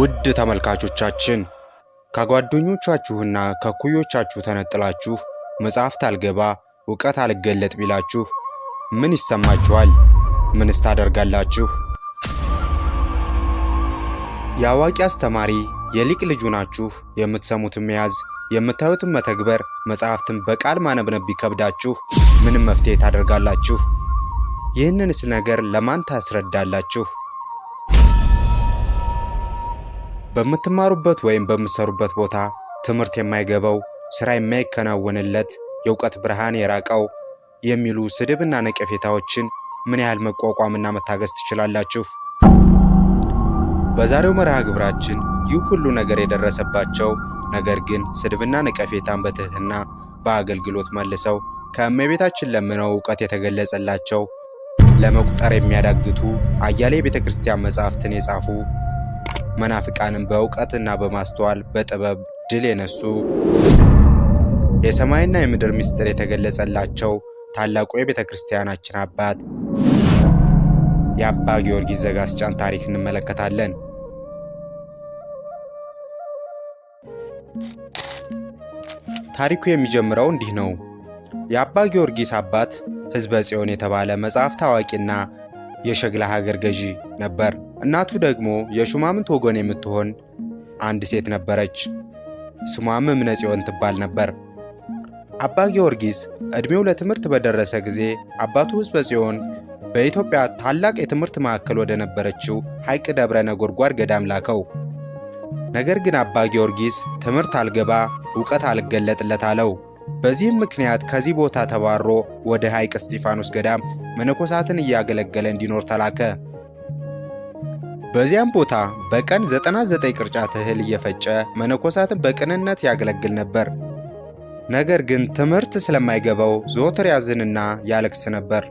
ውድ ተመልካቾቻችን ከጓደኞቻችሁና ከኩዮቻችሁ ተነጥላችሁ መጽሐፍት አልገባ እውቀት አልገለጥ ቢላችሁ ምን ይሰማችኋል? ምንስ ታደርጋላችሁ? የአዋቂ አስተማሪ የሊቅ ልጁ ናችሁ። የምትሰሙትን መያዝ የምታዩትን መተግበር መጽሐፍትን በቃል ማነብነብ ቢከብዳችሁ ምንም መፍትሄ ታደርጋላችሁ? ይህንንስ ነገር ለማን ታስረዳላችሁ? በምትማሩበት ወይም በምትሰሩበት ቦታ ትምህርት የማይገባው ስራ የማይከናወንለት የእውቀት ብርሃን የራቀው የሚሉ ስድብና ነቀፌታዎችን ምን ያህል መቋቋምና መታገስ ትችላላችሁ? በዛሬው መርሃ ግብራችን ይህ ሁሉ ነገር የደረሰባቸው ነገር ግን ስድብና ነቀፌታን በትህትና በአገልግሎት መልሰው ከእመቤታችን ለምነው እውቀት የተገለጸላቸው ለመቁጠር የሚያዳግቱ አያሌ የቤተ ክርስቲያን መጻሕፍትን የጻፉ መናፍቃንን በእውቀትና በማስተዋል በጥበብ ድል የነሱ የሰማይና የምድር ምስጢር የተገለጸላቸው ታላቁ የቤተ ክርስቲያናችን አባት የአባ ጊዮርጊስ ዘጋስጫን ታሪክ እንመለከታለን። ታሪኩ የሚጀምረው እንዲህ ነው። የአባ ጊዮርጊስ አባት ሕዝበ ጽዮን የተባለ መጽሐፍ ታዋቂና የሸግላ ሀገር ገዢ ነበር። እናቱ ደግሞ የሹማምንት ወገን የምትሆን አንድ ሴት ነበረች። ስሟም እምነጽዮን ትባል ነበር። አባ ጊዮርጊስ ዕድሜው ለትምህርት በደረሰ ጊዜ አባቱ ሕዝበ ጽዮን በኢትዮጵያ ታላቅ የትምህርት ማዕከል ወደ ነበረችው ሐይቅ ደብረ ነጎድጓድ ገዳም ላከው። ነገር ግን አባ ጊዮርጊስ ትምህርት አልገባ እውቀት አልገለጥለት አለው። በዚህም ምክንያት ከዚህ ቦታ ተባሮ ወደ ሐይቅ እስጢፋኖስ ገዳም መነኮሳትን እያገለገለ እንዲኖር ተላከ። በዚያም ቦታ በቀን 99 ቅርጫት እህል እየፈጨ መነኮሳትን በቅንነት ያገለግል ነበር። ነገር ግን ትምህርት ስለማይገባው ዘወትር ያዝንና ያለቅስ ነበር።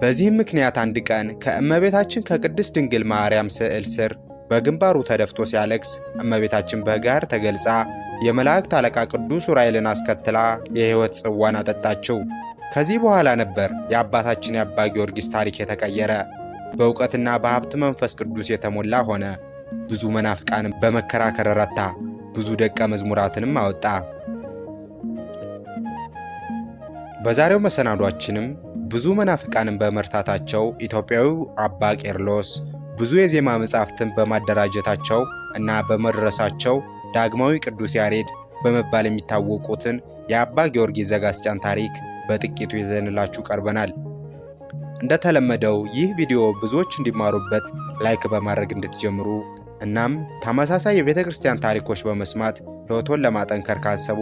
በዚህም ምክንያት አንድ ቀን ከእመቤታችን ከቅድስት ድንግል ማርያም ስዕል ስር በግንባሩ ተደፍቶ ሲያለቅስ እመቤታችን በጋር ተገልጻ የመላእክት አለቃ ቅዱስ ዑራኤልን አስከትላ የሕይወት ጽዋን አጠጣችው። ከዚህ በኋላ ነበር የአባታችን የአባ ጊዮርጊስ ታሪክ የተቀየረ። በእውቀትና በሀብት መንፈስ ቅዱስ የተሞላ ሆነ። ብዙ መናፍቃንም በመከራከር ረታ፣ ብዙ ደቀ መዝሙራትንም አወጣ። በዛሬው መሰናዷችንም ብዙ መናፍቃንን በመርታታቸው ኢትዮጵያዊው አባ ቄርሎስ ብዙ የዜማ መጻሕፍትን በማደራጀታቸው እና በመድረሳቸው ዳግማዊ ቅዱስ ያሬድ በመባል የሚታወቁትን የአባ ጊዮርጊስ ዘጋስጫን ታሪክ በጥቂቱ ይዘንላችሁ ቀርበናል። እንደተለመደው ይህ ቪዲዮ ብዙዎች እንዲማሩበት ላይክ በማድረግ እንድትጀምሩ እናም ተመሳሳይ የቤተ ክርስቲያን ታሪኮች በመስማት ሕይወቶን ለማጠንከር ካሰቡ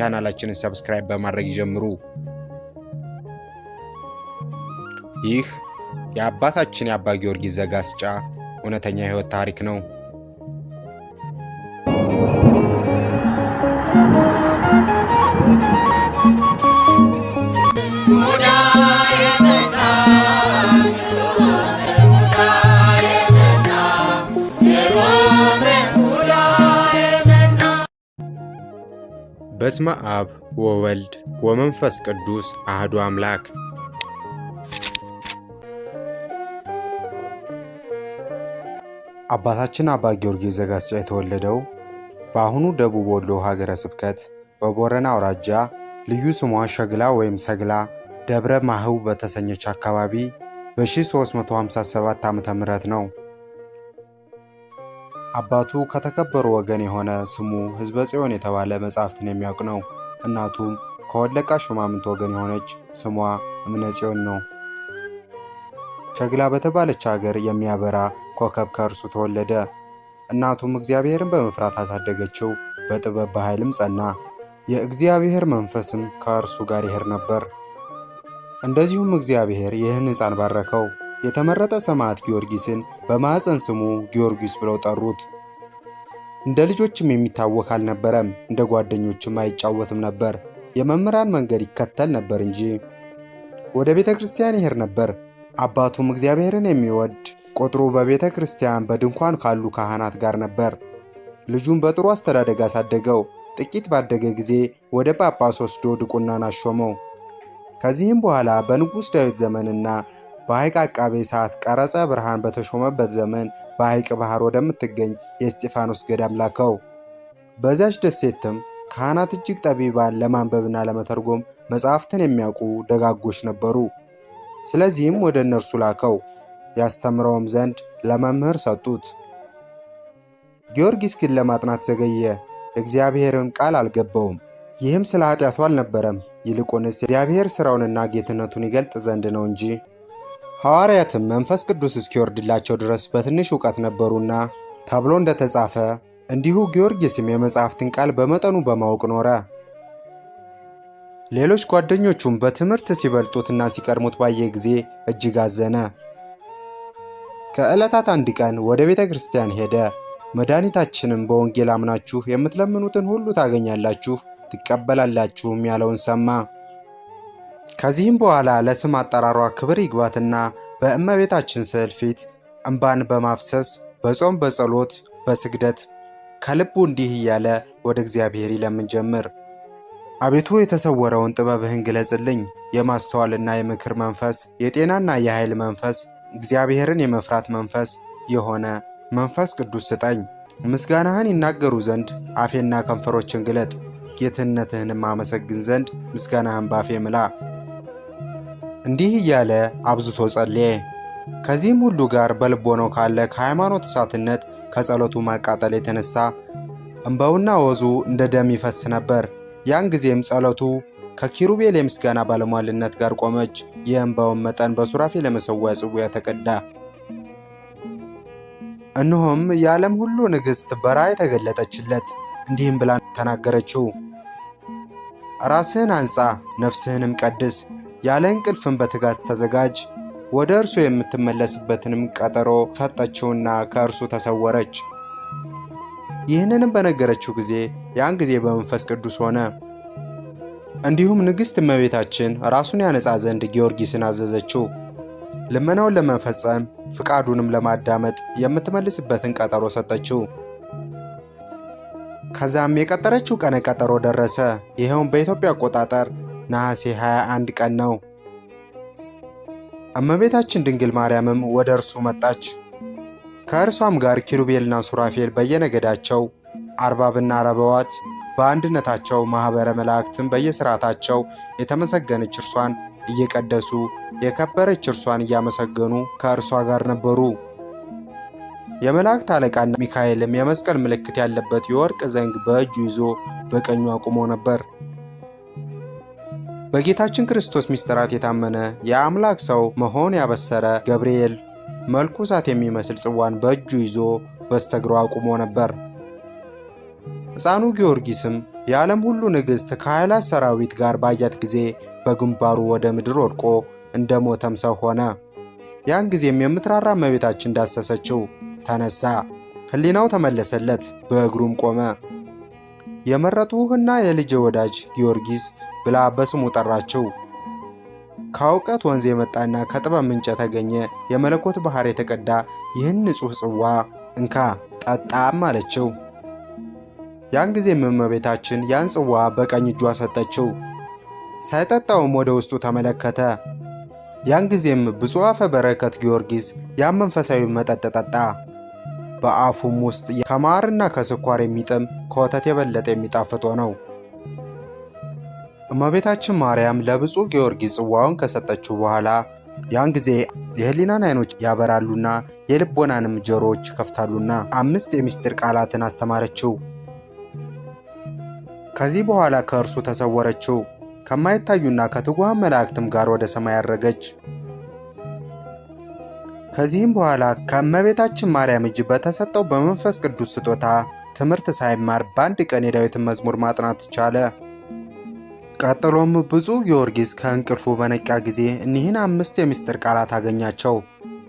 ቻናላችንን ሰብስክራይብ በማድረግ ይጀምሩ። ይህ የአባታችን የአባ ጊዮርጊስ ዘጋስጫ እውነተኛ የሕይወት ታሪክ ነው። በስመ አብ ወወልድ ወመንፈስ ቅዱስ አህዱ አምላክ አባታችን አባ ጊዮርጊስ ዘጋስጫ የተወለደው በአሁኑ ደቡብ ወሎ ሀገረ ስብከት በቦረና አውራጃ ልዩ ስሟ ሸግላ ወይም ሰግላ ደብረ ማህው በተሰኘች አካባቢ በ357 ዓ ም ነው። አባቱ ከተከበሩ ወገን የሆነ ስሙ ሕዝበ ጽዮን የተባለ መጻሕፍትን የሚያውቅ ነው። እናቱም ከወለቃ ሹማምንት ወገን የሆነች ስሟ እምነ ጽዮን ነው። ሸግላ በተባለች ሀገር የሚያበራ ኮከብ ከእርሱ ተወለደ። እናቱም እግዚአብሔርን በመፍራት አሳደገችው፣ በጥበብ በኃይልም ጸና። የእግዚአብሔር መንፈስም ከእርሱ ጋር ይሄድ ነበር። እንደዚሁም እግዚአብሔር ይህን ሕፃን ባረከው። የተመረጠ ሰማዕት ጊዮርጊስን በማኅፀን ስሙ ጊዮርጊስ ብለው ጠሩት። እንደ ልጆችም የሚታወክ አልነበረም፣ እንደ ጓደኞችም አይጫወትም ነበር። የመምህራን መንገድ ይከተል ነበር እንጂ ወደ ቤተ ክርስቲያን ይሄድ ነበር። አባቱም እግዚአብሔርን የሚወድ ቁጥሩ በቤተ ክርስቲያን በድንኳን ካሉ ካህናት ጋር ነበር። ልጁን በጥሩ አስተዳደግ አሳደገው። ጥቂት ባደገ ጊዜ ወደ ጳጳስ ወስዶ ድቁናን አሾመው። ከዚህም በኋላ በንጉሥ ዳዊት ዘመንና በሐይቅ አቃቤ ሰዓት ቀረጸ ብርሃን በተሾመበት ዘመን በሐይቅ ባሕር ወደምትገኝ የእስጢፋኖስ ገዳም ላከው። በዚያች ደሴትም ካህናት እጅግ ጠቢባን፣ ለማንበብና ለመተርጎም መጻሕፍትን የሚያውቁ ደጋጎች ነበሩ። ስለዚህም ወደ እነርሱ ላከው። ያስተምረውም ዘንድ ለመምህር ሰጡት። ጊዮርጊስ ግን ለማጥናት ዘገየ፣ እግዚአብሔርን ቃል አልገባውም። ይህም ስለ ኃጢአቱ አልነበረም፣ ይልቁንስ እግዚአብሔር ሥራውንና ጌትነቱን ይገልጥ ዘንድ ነው እንጂ። ሐዋርያትም መንፈስ ቅዱስ እስኪወርድላቸው ድረስ በትንሽ እውቀት ነበሩና ተብሎ እንደተጻፈ እንዲሁ ጊዮርጊስም የመጽሐፍትን ቃል በመጠኑ በማወቅ ኖረ። ሌሎች ጓደኞቹም በትምህርት ሲበልጡትና ሲቀድሙት ባየ ጊዜ እጅግ አዘነ። ከዕለታት አንድ ቀን ወደ ቤተ ክርስቲያን ሄደ። መድኃኒታችንም በወንጌል አምናችሁ የምትለምኑትን ሁሉ ታገኛላችሁ ትቀበላላችሁም ያለውን ሰማ። ከዚህም በኋላ ለስም አጠራሯ ክብር ይግባትና በእመቤታችን ስዕል ፊት እምባን በማፍሰስ በጾም በጸሎት በስግደት ከልቡ እንዲህ እያለ ወደ እግዚአብሔር ይለምን ጀምር። አቤቱ የተሰወረውን ጥበብህን ግለጽልኝ። የማስተዋልና የምክር መንፈስ፣ የጤናና የኃይል መንፈስ እግዚአብሔርን የመፍራት መንፈስ የሆነ መንፈስ ቅዱስ ስጠኝ። ምስጋናህን ይናገሩ ዘንድ አፌና ከንፈሮችን ግለጥ፣ ጌትነትህንም አመሰግን ዘንድ ምስጋናህን ባፌ ምላ። እንዲህ እያለ አብዝቶ ጸልየ። ከዚህም ሁሉ ጋር በልቦናው ካለ ከሃይማኖት እሳትነት ከጸሎቱ ማቃጠል የተነሳ እንባውና ወዙ እንደ ደም ይፈስ ነበር። ያን ጊዜም ጸሎቱ ከኪሩቤል የምስጋና ባለሟልነት ጋር ቆመች። የእንባውን መጠን በሱራፌ ለመሰዊያ ጽዋ ተቀዳ። እነሆም የዓለም ሁሉ ንግሥት በራእይ ተገለጠችለት፣ እንዲህም ብላ ተናገረችው ራስህን አንጻ ነፍስህንም ቀድስ፣ ያለ እንቅልፍን በትጋት ተዘጋጅ። ወደ እርሱ የምትመለስበትንም ቀጠሮ ሰጠችውና ከእርሱ ተሰወረች። ይህንንም በነገረችው ጊዜ ያን ጊዜ በመንፈስ ቅዱስ ሆነ። እንዲሁም ንግሥት እመቤታችን ራሱን ያነጻ ዘንድ ጊዮርጊስን አዘዘችው። ልመናውን ለመፈጸም ፍቃዱንም ለማዳመጥ የምትመልስበትን ቀጠሮ ሰጠችው። ከዛም የቀጠረችው ቀነ ቀጠሮ ደረሰ። ይኸውም በኢትዮጵያ አቆጣጠር ነሐሴ 21 ቀን ነው። እመቤታችን ድንግል ማርያምም ወደ እርሱ መጣች። ከእርሷም ጋር ኪሩቤልና ሱራፌል በየነገዳቸው አርባብና አረበዋት። በአንድነታቸው ማኅበረ መላእክትን በየሥርዓታቸው የተመሰገነች እርሷን እየቀደሱ የከበረች እርሷን እያመሰገኑ ከእርሷ ጋር ነበሩ። የመላእክት አለቃና ሚካኤልም የመስቀል ምልክት ያለበት የወርቅ ዘንግ በእጁ ይዞ በቀኙ አቁሞ ነበር። በጌታችን ክርስቶስ ምስጢራት የታመነ የአምላክ ሰው መሆን ያበሰረ ገብርኤል መልኩ እሳት የሚመስል ጽዋን በእጁ ይዞ በስተግሮ አቁሞ ነበር። ሕፃኑ ጊዮርጊስም የዓለም ሁሉ ንግሥት ከኃይላት ሰራዊት ጋር ባያት ጊዜ በግንባሩ ወደ ምድር ወድቆ እንደ ሞተም ሰው ሆነ። ያን ጊዜም የምትራራ እመቤታችን ዳሰሰችው፣ ተነሳ፣ ሕሊናው ተመለሰለት፣ በእግሩም ቆመ። የመረጡህና የልጅ ወዳጅ ጊዮርጊስ ብላ በስሙ ጠራችው። ከእውቀት ወንዝ የመጣና ከጥበብ ምንጭ የተገኘ የመለኮት ባሕር የተቀዳ ይህን ንጹሕ ጽዋ እንካ ጠጣም አለችው። ያን ጊዜም እመቤታችን ያን ጽዋ በቀኝ እጇ ሰጠችው። ሳይጠጣውም ወደ ውስጡ ተመለከተ። ያን ጊዜም ብፁዕ አፈ በረከት ጊዮርጊስ ያን መንፈሳዊ መጠጥ ጠጣ። በአፉም ውስጥ ከማርና ከስኳር የሚጥም ከወተት የበለጠ የሚጣፍጦ ነው። እመቤታችን ማርያም ለብፁዕ ጊዮርጊስ ጽዋውን ከሰጠችው በኋላ ያን ጊዜ የህሊናን አይኖች ያበራሉና የልቦናንም ጆሮዎች ይከፍታሉና አምስት የምስጢር ቃላትን አስተማረችው። ከዚህ በኋላ ከእርሱ ተሰወረችው፣ ከማይታዩና ከትጉሃን መላእክትም ጋር ወደ ሰማይ አረገች። ከዚህም በኋላ ከእመቤታችን ማርያም እጅ በተሰጠው በመንፈስ ቅዱስ ስጦታ ትምህርት ሳይማር በአንድ ቀን የዳዊትን መዝሙር ማጥናት ቻለ። ቀጥሎም ብፁዕ ጊዮርጊስ ከእንቅልፉ በነቃ ጊዜ እኒህን አምስት የምስጢር ቃላት አገኛቸው።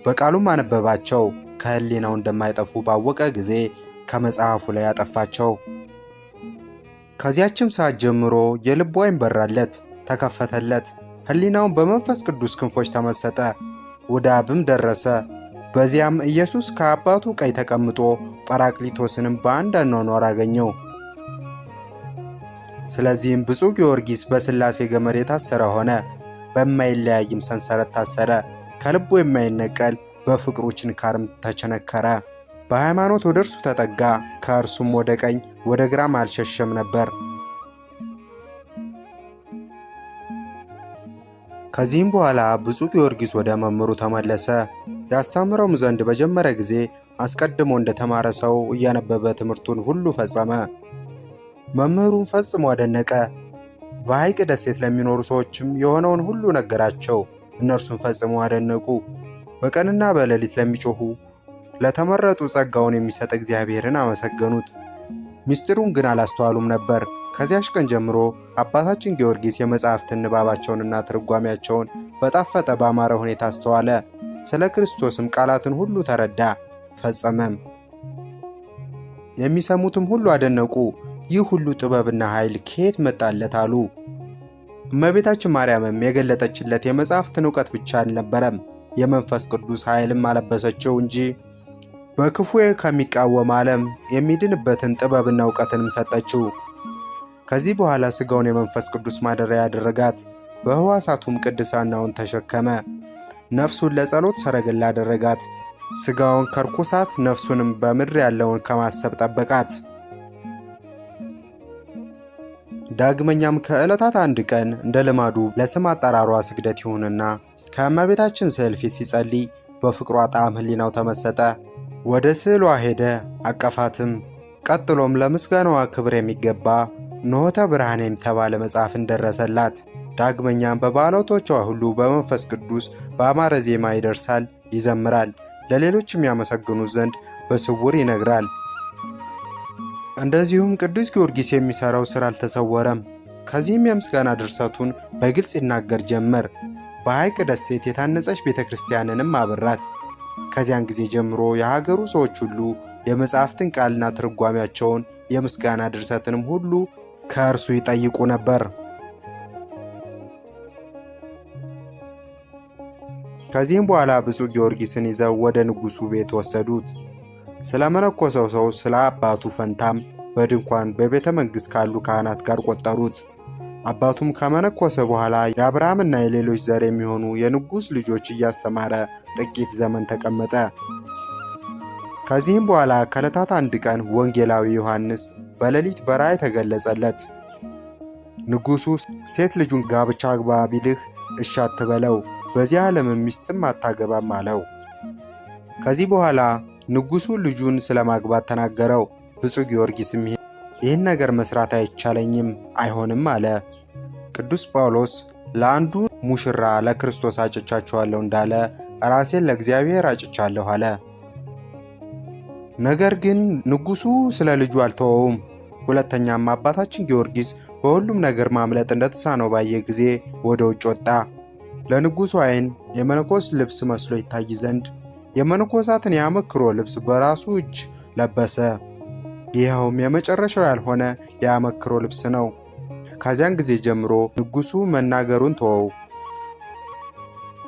በቃሉም አነበባቸው። ከህሊናው እንደማይጠፉ ባወቀ ጊዜ ከመጽሐፉ ላይ አጠፋቸው። ከዚያችም ሰዓት ጀምሮ የልቡ ዓይን በራለት፣ ተከፈተለት። ሕሊናውን በመንፈስ ቅዱስ ክንፎች ተመሰጠ፣ ወደ አብም ደረሰ። በዚያም ኢየሱስ ከአባቱ ቀኝ ተቀምጦ ጳራቅሊቶስንም በአንድ አኗኗር አገኘው። ስለዚህም ብፁዕ ጊዮርጊስ በሥላሴ ገመድ የታሰረ ሆነ፣ በማይለያይም ሰንሰለት ታሰረ። ከልቡ የማይነቀል በፍቅሩ ችንካርም ተቸነከረ። በሃይማኖት ወደ እርሱ ተጠጋ፣ ከእርሱም ወደ ቀኝ ወደ ግራም አልሸሸም ነበር። ከዚህም በኋላ ብፁዕ ጊዮርጊስ ወደ መምህሩ ተመለሰ። ያስተምረውም ዘንድ በጀመረ ጊዜ አስቀድሞ እንደተማረ ሰው እያነበበ ትምህርቱን ሁሉ ፈጸመ። መምህሩን ፈጽሞ አደነቀ። በሐይቅ ደሴት ለሚኖሩ ሰዎችም የሆነውን ሁሉ ነገራቸው። እነርሱን ፈጽሞ አደነቁ። በቀንና በሌሊት ለሚጮኹ ለተመረጡ ጸጋውን የሚሰጥ እግዚአብሔርን አመሰገኑት። ምስጢሩን ግን አላስተዋሉም ነበር። ከዚያች ቀን ጀምሮ አባታችን ጊዮርጊስ የመጻሕፍትን ንባባቸውንና ትርጓሜያቸውን በጣፈጠ ባማረ ሁኔታ አስተዋለ። ስለ ክርስቶስም ቃላትን ሁሉ ተረዳ ፈጸመም። የሚሰሙትም ሁሉ አደነቁ። ይህ ሁሉ ጥበብና ኃይል ከየት መጣለት አሉ። እመቤታችን ማርያምም የገለጠችለት የመጻሕፍትን ዕውቀት ብቻ አልነበረም፣ የመንፈስ ቅዱስ ኃይልም አለበሰችው እንጂ በክፉ ከሚቃወም ዓለም የሚድንበትን ጥበብና እውቀትንም ሰጠችው። ከዚህ በኋላ ሥጋውን የመንፈስ ቅዱስ ማደሪያ ያደረጋት፣ በሕዋሳቱም ቅድሳናውን ተሸከመ። ነፍሱን ለጸሎት ሰረገላ አደረጋት። ሥጋውን ከርኩሳት ነፍሱንም በምድር ያለውን ከማሰብ ጠበቃት። ዳግመኛም ከዕለታት አንድ ቀን እንደ ልማዱ ለስም አጠራሯ ስግደት ይሁንና ከእመቤታችን ስዕል ፊት ሲጸልይ በፍቅሯ ጣዕም ሕሊናው ተመሰጠ። ወደ ስዕሏ ሄደ አቀፋትም። ቀጥሎም ለምስጋናዋ ክብር የሚገባ ኖኅተ ብርሃን የተባለ መጽሐፍን ደረሰላት። ዳግመኛም በባሎቶቿ ሁሉ በመንፈስ ቅዱስ በአማረ ዜማ ይደርሳል፣ ይዘምራል፣ ለሌሎችም ያመሰግኑት ዘንድ በስውር ይነግራል። እንደዚሁም ቅዱስ ጊዮርጊስ የሚሠራው ሥራ አልተሰወረም። ከዚህም የምስጋና ድርሰቱን በግልጽ ይናገር ጀመር። በሐይቅ ደሴት የታነጸች ቤተ ክርስቲያንንም አብራት። ከዚያን ጊዜ ጀምሮ የሀገሩ ሰዎች ሁሉ የመጽሐፍትን ቃልና ትርጓሚያቸውን የምስጋና ድርሰትንም ሁሉ ከእርሱ ይጠይቁ ነበር። ከዚህም በኋላ ብፁዕ ጊዮርጊስን ይዘው ወደ ንጉሡ ቤት ወሰዱት። ስለ መነኮሰው ሰው ስለ አባቱ ፈንታም በድንኳን በቤተ መንግሥት ካሉ ካህናት ጋር ቆጠሩት። አባቱም ከመነኮሰ በኋላ የአብርሃምና የሌሎች ዘር የሚሆኑ የንጉሥ ልጆች እያስተማረ ጥቂት ዘመን ተቀመጠ። ከዚህም በኋላ ከዕለታት አንድ ቀን ወንጌላዊ ዮሐንስ በሌሊት በራእይ ተገለጸለት። ንጉሡ ሴት ልጁን ጋብቻ አግባ ቢልህ እሺ አትበለው፣ በዚህ ዓለም ሚስትም አታገባም አለው። ከዚህ በኋላ ንጉሡ ልጁን ስለማግባት ተናገረው። ብፁዕ ጊዮርጊስም ይህን ነገር መስራት አይቻለኝም፣ አይሆንም አለ። ቅዱስ ጳውሎስ ለአንዱ ሙሽራ ለክርስቶስ አጭቻችኋለሁ እንዳለ ራሴን ለእግዚአብሔር አጭቻለሁ አለ። ነገር ግን ንጉሱ ስለ ልጁ አልተወውም። ሁለተኛም አባታችን ጊዮርጊስ በሁሉም ነገር ማምለጥ እንደተሳነው ባየ ጊዜ ወደ ውጭ ወጣ። ለንጉሱ ዓይን የመነኮስ ልብስ መስሎ ይታይ ዘንድ የመነኮሳትን ያመክሮ ልብስ በራሱ እጅ ለበሰ። ይኸውም የመጨረሻው ያልሆነ የአመክሮ ልብስ ነው። ከዚያን ጊዜ ጀምሮ ንጉሱ መናገሩን ተወው።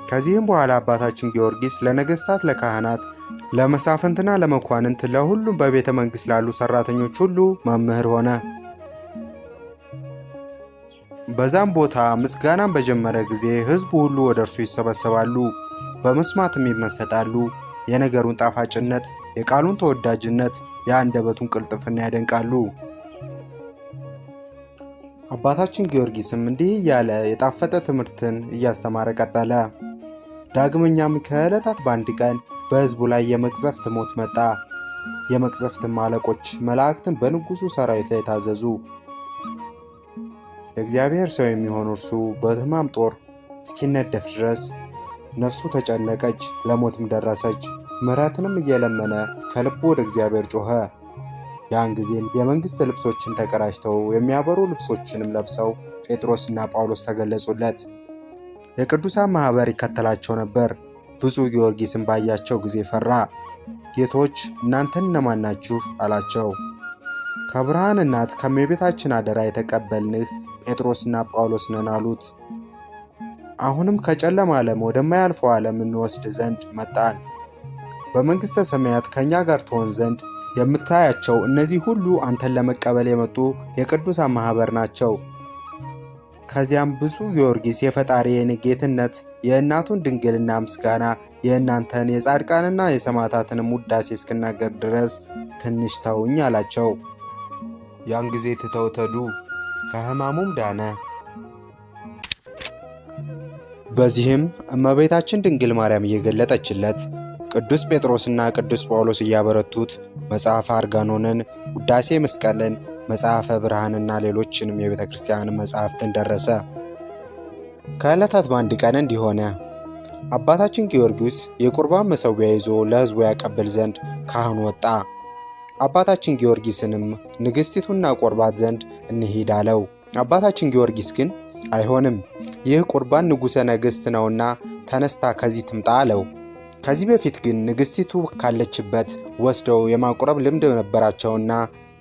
ከዚህም በኋላ አባታችን ጊዮርጊስ ለነገስታት፣ ለካህናት፣ ለመሳፍንትና ለመኳንንት ለሁሉም በቤተ መንግሥት ላሉ ሰራተኞች ሁሉ መምህር ሆነ። በዛም ቦታ ምስጋናን በጀመረ ጊዜ ሕዝቡ ሁሉ ወደ እርሱ ይሰበሰባሉ፣ በመስማትም ይመሰጣሉ። የነገሩን ጣፋጭነት፣ የቃሉን ተወዳጅነት፣ የአንደበቱን ቅልጥፍና ያደንቃሉ። አባታችን ጊዮርጊስም እንዲህ እያለ የጣፈጠ ትምህርትን እያስተማረ ቀጠለ። ዳግመኛም ከዕለታት በአንድ ቀን በሕዝቡ ላይ የመቅዘፍት ሞት መጣ። የመቅዘፍትም አለቆች መላእክትን በንጉሡ ሰራዊት ላይ ታዘዙ። ለእግዚአብሔር ሰው የሚሆን እርሱ በሕማም ጦር እስኪነደፍ ድረስ ነፍሱ ተጨነቀች፣ ለሞትም ደረሰች። ምሕረትንም እየለመነ ከልቡ ወደ እግዚአብሔር ጮኸ። ያን ጊዜም የመንግሥት ልብሶችን ተቀራጭተው የሚያበሩ ልብሶችንም ለብሰው ጴጥሮስና ጳውሎስ ተገለጹለት። የቅዱሳን ማኅበር ይከተላቸው ነበር። ብፁዕ ጊዮርጊስን ባያቸው ጊዜ ፈራ። ጌቶች እናንተን እነማን ናችሁ? አላቸው። ከብርሃን እናት ከእመቤታችን አደራ የተቀበልንህ ጴጥሮስና ጳውሎስ ነን አሉት። አሁንም ከጨለማ ዓለም ወደማያልፈው ዓለም እንወስድ ዘንድ መጣን በመንግሥተ ሰማያት ከእኛ ጋር ትሆን ዘንድ የምታያቸው እነዚህ ሁሉ አንተን ለመቀበል የመጡ የቅዱሳን ማኅበር ናቸው። ከዚያም ብፁዕ ጊዮርጊስ የፈጣሪ ጌትነት የእናቱን ድንግልና ምስጋና የእናንተን የጻድቃንና የሰማዕታትንም ውዳሴ እስክናገር ድረስ ትንሽ ተውኝ አላቸው። ያን ጊዜ ትተውተዱ ከሕማሙም ዳነ። በዚህም እመቤታችን ድንግል ማርያም እየገለጠችለት ቅዱስ ጴጥሮስና ቅዱስ ጳውሎስ እያበረቱት መጽሐፈ አርጋኖንን፣ ውዳሴ መስቀልን፣ መጽሐፈ ብርሃንና ሌሎችንም የቤተ ክርስቲያን መጽሐፍትን ደረሰ። ከዕለታት በአንድ ቀን እንዲህ ሆነ። አባታችን ጊዮርጊስ የቁርባን መሠዊያ ይዞ ለሕዝቡ ያቀብል ዘንድ ካህኑ ወጣ። አባታችን ጊዮርጊስንም ንግሥቲቱና ቆርባት ዘንድ እንሂድ አለው። አባታችን ጊዮርጊስ ግን አይሆንም፣ ይህ ቁርባን ንጉሠ ነገሥት ነውና ተነስታ ከዚህ ትምጣ አለው። ከዚህ በፊት ግን ንግሥቲቱ ካለችበት ወስደው የማቁረብ ልምድ ነበራቸውና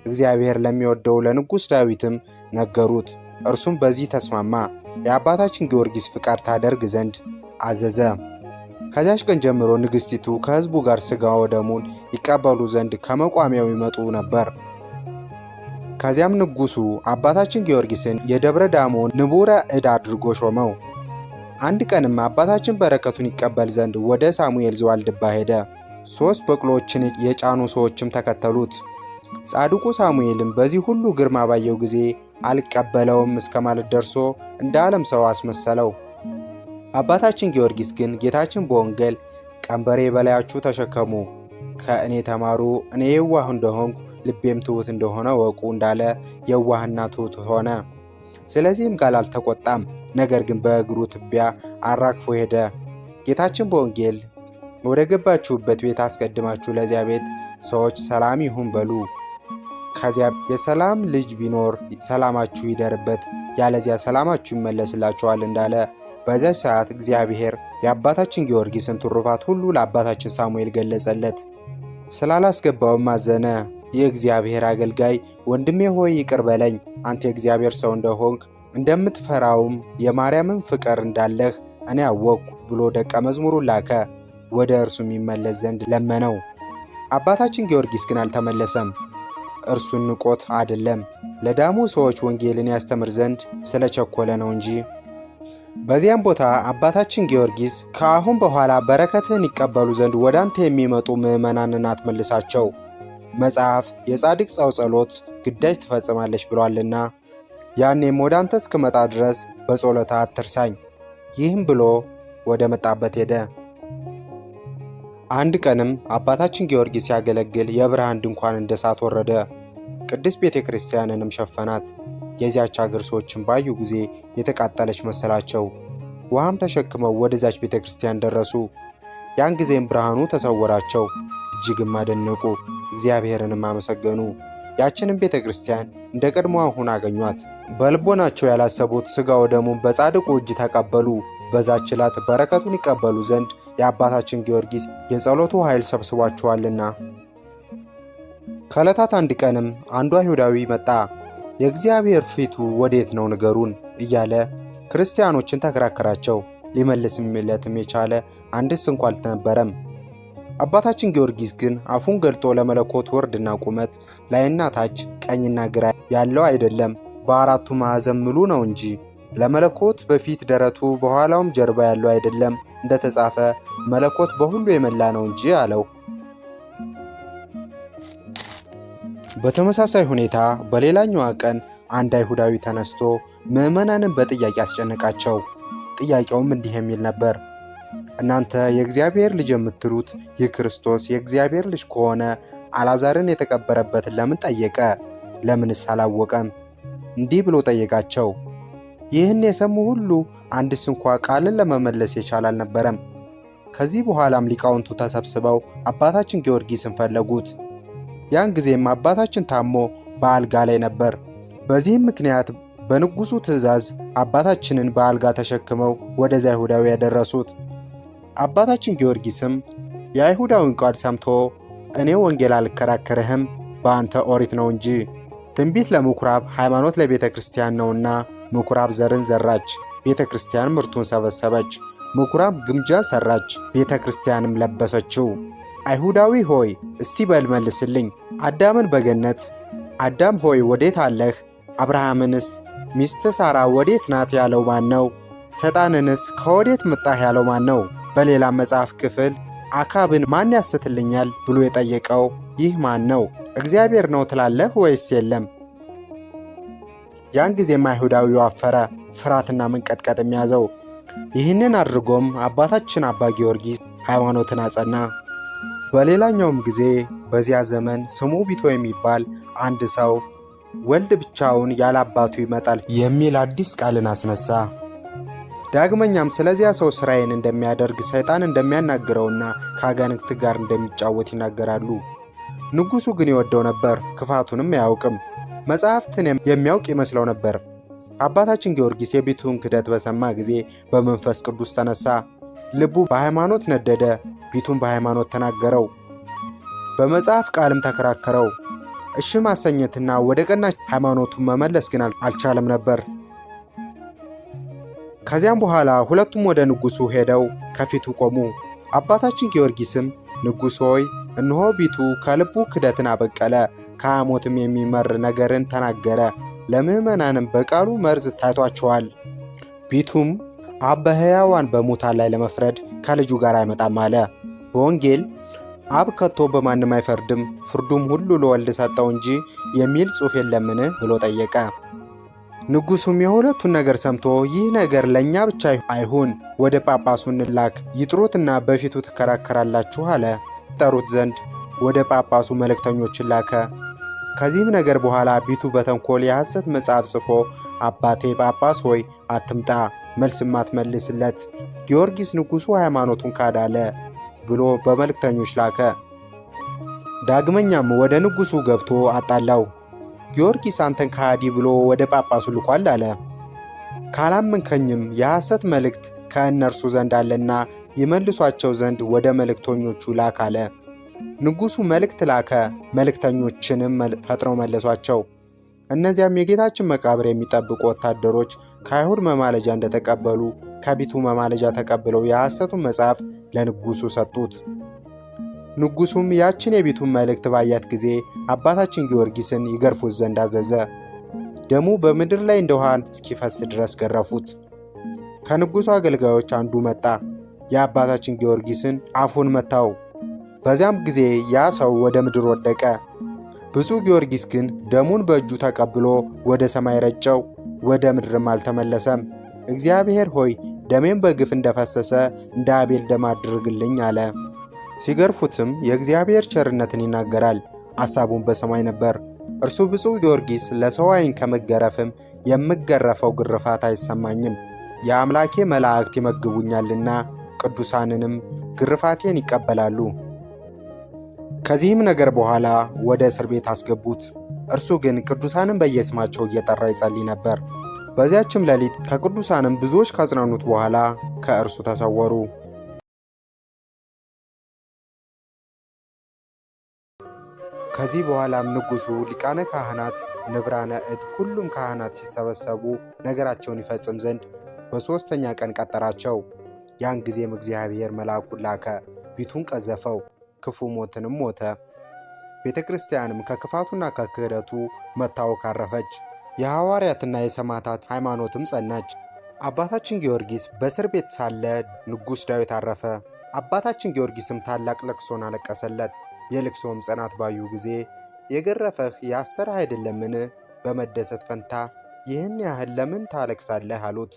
እግዚአብሔር ለሚወደው ለንጉሥ ዳዊትም ነገሩት። እርሱም በዚህ ተስማማ፣ የአባታችን ጊዮርጊስ ፍቃድ ታደርግ ዘንድ አዘዘ። ከዚያች ቀን ጀምሮ ንግሥቲቱ ከሕዝቡ ጋር ሥጋ ወደሙን ይቀበሉ ዘንድ ከመቋሚያው ይመጡ ነበር። ከዚያም ንጉሡ አባታችን ጊዮርጊስን የደብረ ዳሞ ንቡረ ዕድ አድርጎ ሾመው። አንድ ቀንም አባታችን በረከቱን ይቀበል ዘንድ ወደ ሳሙኤል ዘዋልድባ ሄደ። ሶስት በቅሎዎችን የጫኑ ሰዎችም ተከተሉት። ጻድቁ ሳሙኤልም በዚህ ሁሉ ግርማ ባየው ጊዜ አልቀበለውም እስከ ማለት ደርሶ እንደ ዓለም ሰው አስመሰለው። አባታችን ጊዮርጊስ ግን ጌታችን በወንጌል ቀንበሬ በላያችሁ ተሸከሙ፣ ከእኔ ተማሩ፣ እኔ የዋህ እንደሆንኩ ልቤም ትሑት እንደሆነ ወቁ እንዳለ የዋህና ትሑት ሆነ። ስለዚህም ጋር አልተቆጣም። ነገር ግን በእግሩ ትቢያ አራግፎ ሄደ። ጌታችን በወንጌል ወደ ገባችሁበት ቤት አስቀድማችሁ ለዚያ ቤት ሰዎች ሰላም ይሁን በሉ። ከዚያ የሰላም ልጅ ቢኖር ሰላማችሁ ይደርበት፣ ያለዚያ ሰላማችሁ ይመለስላችኋል እንዳለ በዚያ ሰዓት እግዚአብሔር የአባታችን ጊዮርጊስን ትሩፋት ሁሉ ለአባታችን ሳሙኤል ገለጸለት። ስላላስገባውም አዘነ። የእግዚአብሔር አገልጋይ ወንድሜ ሆይ ይቅር በለኝ፣ አንተ የእግዚአብሔር ሰው እንደሆንክ እንደምትፈራውም የማርያምን ፍቅር እንዳለህ እኔ አወቅኩ ብሎ ደቀ መዝሙሩ ላከ። ወደ እርሱም ይመለስ ዘንድ ለመነው። አባታችን ጊዮርጊስ ግን አልተመለሰም። እርሱን ንቆት አይደለም፣ ለዳሙ ሰዎች ወንጌልን ያስተምር ዘንድ ስለቸኮለ ነው እንጂ። በዚያም ቦታ አባታችን ጊዮርጊስ ከአሁን በኋላ በረከትህን ይቀበሉ ዘንድ ወደ አንተ የሚመጡ ምዕመናንን አትመልሳቸው፣ መጽሐፍ የጻድቅ ሰው ጸሎት ግዳጅ ትፈጽማለች ብሏልና ያኔም ወደ አንተ እስክመጣ ድረስ በጸሎታ አትርሳኝ። ይህም ብሎ ወደ መጣበት ሄደ። አንድ ቀንም አባታችን ጊዮርጊስ ሲያገለግል የብርሃን ድንኳን እንደ እሳት ወረደ፣ ቅድስት ቤተ ክርስቲያንንም ሸፈናት። የዚያች አገር ሰዎችን ባዩ ጊዜ የተቃጠለች መሰላቸው። ውሃም ተሸክመው ወደዚያች ቤተ ክርስቲያን ደረሱ። ያን ጊዜም ብርሃኑ ተሰወራቸው፣ እጅግም አደነቁ፣ እግዚአብሔርንም አመሰገኑ። ያችንም ቤተ ክርስቲያን እንደ ቀድሞ አሁን አገኟት። በልቦናቸው ያላሰቡት ሥጋው ደሙን በጻድቁ እጅ ተቀበሉ። በዛች ዕለት በረከቱን ይቀበሉ ዘንድ የአባታችን ጊዮርጊስ የጸሎቱ ኃይል ሰብስቧቸዋልና። ከዕለታት አንድ ቀንም አንዱ አይሁዳዊ መጣ። የእግዚአብሔር ፊቱ ወዴት ነው ንገሩን እያለ ክርስቲያኖችን ተከራከራቸው። ሊመልስለትም የቻለ አንድስ እንኳ አልነበረም። አባታችን ጊዮርጊስ ግን አፉን ገልጦ ለመለኮት ወርድና ቁመት ላይና ታች ቀኝና ግራ ያለው አይደለም በአራቱ ማዕዘን ምሉ ነው እንጂ ለመለኮት በፊት ደረቱ በኋላውም ጀርባ ያለው አይደለም እንደተጻፈ መለኮት በሁሉ የመላ ነው እንጂ አለው። በተመሳሳይ ሁኔታ በሌላኛዋ ቀን አንድ አይሁዳዊ ተነስቶ ምዕመናንን በጥያቄ አስጨነቃቸው። ጥያቄውም እንዲህ የሚል ነበር። እናንተ የእግዚአብሔር ልጅ የምትሉት ይህ ክርስቶስ የእግዚአብሔር ልጅ ከሆነ አላዛርን የተቀበረበትን ለምን ጠየቀ? ለምንስ አላወቀም? እንዲህ ብሎ ጠየቃቸው። ይህን የሰሙ ሁሉ አንድ ስንኳ ቃልን ለመመለስ የቻለ አልነበረም። ከዚህ በኋላም ሊቃውንቱ ተሰብስበው አባታችን ጊዮርጊስን ፈለጉት። ያን ጊዜም አባታችን ታሞ በአልጋ ላይ ነበር። በዚህም ምክንያት በንጉሱ ትእዛዝ አባታችንን በአልጋ ተሸክመው ወደዚ አይሁዳዊ ያደረሱት። አባታችን ጊዮርጊስም የአይሁዳዊን ቃል ሰምቶ እኔ ወንጌል አልከራከርህም፣ በአንተ ኦሪት ነው እንጂ ትንቢት ለምኩራብ ሃይማኖት ለቤተ ክርስቲያን ነውና ምኩራብ ዘርን ዘራች፣ ቤተ ክርስቲያን ምርቱን ሰበሰበች። ምኩራብ ግምጃ ሰራች፣ ቤተ ክርስቲያንም ለበሰችው። አይሁዳዊ ሆይ እስቲ በል መልስልኝ አዳምን በገነት አዳም ሆይ ወዴት አለህ? አብርሃምንስ ሚስት ሳራ ወዴት ናት ያለው ማን ነው? ሰጣንንስ ከወዴት መጣህ ያለው ማን ነው? በሌላ መጽሐፍ ክፍል አካብን ማን ያስትልኛል ብሎ የጠየቀው ይህ ማን ነው? እግዚአብሔር ነው ትላለህ ወይስ የለም? ያን ጊዜም አይሁዳዊው አፈረ፣ ፍርሃትና መንቀጥቀጥ የሚያዘው። ይህንን አድርጎም አባታችን አባ ጊዮርጊስ ሃይማኖትን አጸና። በሌላኛውም ጊዜ በዚያ ዘመን ስሙ ቢቶ የሚባል አንድ ሰው ወልድ ብቻውን ያለ አባቱ ይመጣል የሚል አዲስ ቃልን አስነሳ። ዳግመኛም ስለዚያ ሰው ስራዬን እንደሚያደርግ ሰይጣን እንደሚያናግረውና ከአጋንንት ጋር እንደሚጫወት ይናገራሉ። ንጉሱ ግን ይወደው ነበር፣ ክፋቱንም አያውቅም። መጽሐፍትን የሚያውቅ ይመስለው ነበር። አባታችን ጊዮርጊስ የቤቱን ክደት በሰማ ጊዜ በመንፈስ ቅዱስ ተነሳ። ልቡ በሃይማኖት ነደደ፣ ቢቱን በሃይማኖት ተናገረው። በመጽሐፍ ቃልም ተከራከረው። እሺ ማሰኘትና ወደ ቀና ሃይማኖቱን መመለስ ግን አልቻለም ነበር። ከዚያም በኋላ ሁለቱም ወደ ንጉሱ ሄደው ከፊቱ ቆሙ። አባታችን ጊዮርጊስም ንጉሥ ሆይ እነሆ ቢቱ ከልቡ ክደትን አበቀለ፣ ከሐሞትም የሚመር ነገርን ተናገረ፣ ለምእመናንም በቃሉ መርዝ ታይቷቸዋል። ቢቱም አብ በሕያዋን በሙታን ላይ ለመፍረድ ከልጁ ጋር አይመጣም አለ። በወንጌል አብ ከቶ በማንም አይፈርድም፣ ፍርዱም ሁሉ ለወልድ ሰጠው እንጂ የሚል ጽሑፍ የለምን ብሎ ጠየቀ። ንጉሱም የሁለቱን ነገር ሰምቶ ይህ ነገር ለእኛ ብቻ አይሁን፣ ወደ ጳጳሱ እንላክ፣ ይጥሩትና በፊቱ ትከራከራላችሁ አለ። ጠሩት ዘንድ ወደ ጳጳሱ መልእክተኞችን ላከ። ከዚህም ነገር በኋላ ቢቱ በተንኮል የሐሰት መጽሐፍ ጽፎ አባቴ ጳጳስ ሆይ አትምጣ፣ መልስም አትመልስለት፣ ጊዮርጊስ ንጉሡ ሃይማኖቱን ካዳለ ብሎ በመልእክተኞች ላከ። ዳግመኛም ወደ ንጉሡ ገብቶ አጣላው። ጊዮርጊስ አንተን ከሃዲ ብሎ ወደ ጳጳሱ ልኳል አለ። ካላመንከኝም የሐሰት መልእክት ከእነርሱ ዘንድ አለና ይመልሷቸው ዘንድ ወደ መልእክተኞቹ ላክ አለ። ንጉሡ መልእክት ላከ። መልእክተኞችንም ፈጥነው መለሷቸው። እነዚያም የጌታችን መቃብር የሚጠብቁ ወታደሮች ከአይሁድ መማለጃ እንደተቀበሉ ከቢቱ መማለጃ ተቀብለው የሐሰቱን መጽሐፍ ለንጉሡ ሰጡት። ንጉሱም ያችን የቤቱን መልእክት ባያት ጊዜ አባታችን ጊዮርጊስን ይገርፉት ዘንድ አዘዘ። ደሙ በምድር ላይ እንደ ውሃ እስኪፈስ ድረስ ገረፉት። ከንጉሱ አገልጋዮች አንዱ መጣ፣ የአባታችን ጊዮርጊስን አፉን መታው። በዚያም ጊዜ ያ ሰው ወደ ምድር ወደቀ። ብፁዕ ጊዮርጊስ ግን ደሙን በእጁ ተቀብሎ ወደ ሰማይ ረጨው፣ ወደ ምድርም አልተመለሰም። እግዚአብሔር ሆይ ደሜን በግፍ እንደፈሰሰ እንደ አቤል ደም አድርግልኝ አለ። ሲገርፉትም የእግዚአብሔር ቸርነትን ይናገራል። አሳቡን በሰማይ ነበር። እርሱ ብፁዕ ጊዮርጊስ ለሰው ዓይን ከመገረፍም የምገረፈው ግርፋት አይሰማኝም፣ የአምላኬ መላእክት ይመግቡኛልና ቅዱሳንንም ግርፋቴን ይቀበላሉ። ከዚህም ነገር በኋላ ወደ እስር ቤት አስገቡት። እርሱ ግን ቅዱሳንን በየስማቸው እየጠራ ይጸልይ ነበር። በዚያችም ሌሊት ከቅዱሳንም ብዙዎች ካጽናኑት በኋላ ከእርሱ ተሰወሩ። ከዚህ በኋላም ንጉሱ ሊቃነ ካህናት፣ ንብራነ እድ፣ ሁሉም ካህናት ሲሰበሰቡ ነገራቸውን ይፈጽም ዘንድ በሦስተኛ ቀን ቀጠራቸው። ያን ጊዜም እግዚአብሔር መልአኩን ላከ፣ ፊቱን ቀዘፈው፣ ክፉ ሞትንም ሞተ። ቤተ ክርስቲያንም ከክፋቱና ከክህደቱ መታወክ አረፈች። የሐዋርያትና የሰማዕታት ሃይማኖትም ጸናች። አባታችን ጊዮርጊስ በእስር ቤት ሳለ ንጉሥ ዳዊት አረፈ። አባታችን ጊዮርጊስም ታላቅ ለቅሶን አለቀሰለት። የልቅሶም ጽናት ባዩ ጊዜ የገረፈህ ያሰረህ አይደለምን? በመደሰት ፈንታ ይህን ያህል ለምን ታለቅሳለህ? አሉት።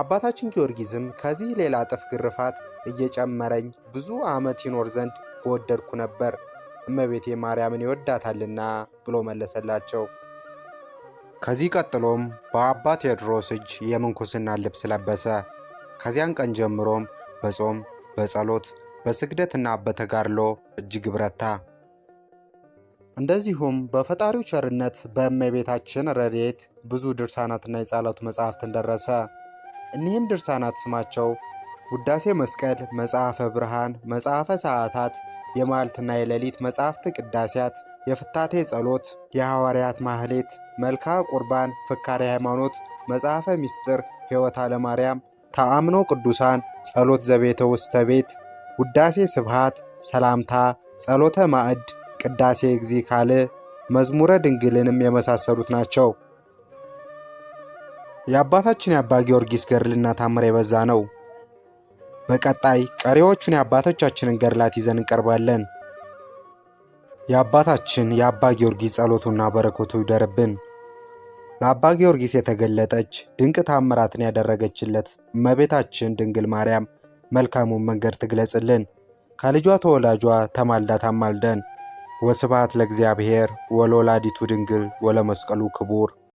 አባታችን ጊዮርጊስም ከዚህ ሌላ እጥፍ ግርፋት እየጨመረኝ ብዙ ዓመት ይኖር ዘንድ በወደድኩ ነበር፣ እመቤቴ ማርያምን ይወዳታልና ብሎ መለሰላቸው። ከዚህ ቀጥሎም በአባ ቴዎድሮስ እጅ የምንኩስና ልብስ ለበሰ። ከዚያን ቀን ጀምሮም በጾም በጸሎት በስግደትና በተጋድሎ እጅግ ብረታ። እንደዚሁም በፈጣሪው ቸርነት በእመቤታችን ረድኤት ብዙ ድርሳናትና የጸሎት መጻሕፍትን ደረሰ። እኒህም ድርሳናት ስማቸው ውዳሴ መስቀል፣ መጽሐፈ ብርሃን፣ መጽሐፈ ሰዓታት፣ የማልትና የሌሊት መጽሐፍት ቅዳሴያት፣ የፍታቴ ጸሎት፣ የሐዋርያት ማህሌት፣ መልካ ቁርባን፣ ፍካሬ ሃይማኖት፣ መጽሐፈ ምስጢር፣ ሕይወት አለማርያም፣ ተአምኖ ቅዱሳን፣ ጸሎት ዘቤተ ውስተ ቤት ውዳሴ ስብሃት፣ ሰላምታ፣ ጸሎተ ማዕድ፣ ቅዳሴ እግዚ ካል፣ መዝሙረ ድንግልንም የመሳሰሉት ናቸው። የአባታችን የአባ ጊዮርጊስ ገድልና ታምር የበዛ ነው። በቀጣይ ቀሪዎቹን የአባቶቻችንን ገድላት ይዘን እንቀርባለን። የአባታችን የአባ ጊዮርጊስ ጸሎቱና በረከቱ ይደርብን። ለአባ ጊዮርጊስ የተገለጠች ድንቅ ታምራትን ያደረገችለት እመቤታችን ድንግል ማርያም መልካሙን መንገድ ትግለጽልን። ከልጇ ተወላጇ ተማልዳ ታማልደን። ወስብሐት ለእግዚአብሔር ወለወላዲቱ ድንግል ወለመስቀሉ ክቡር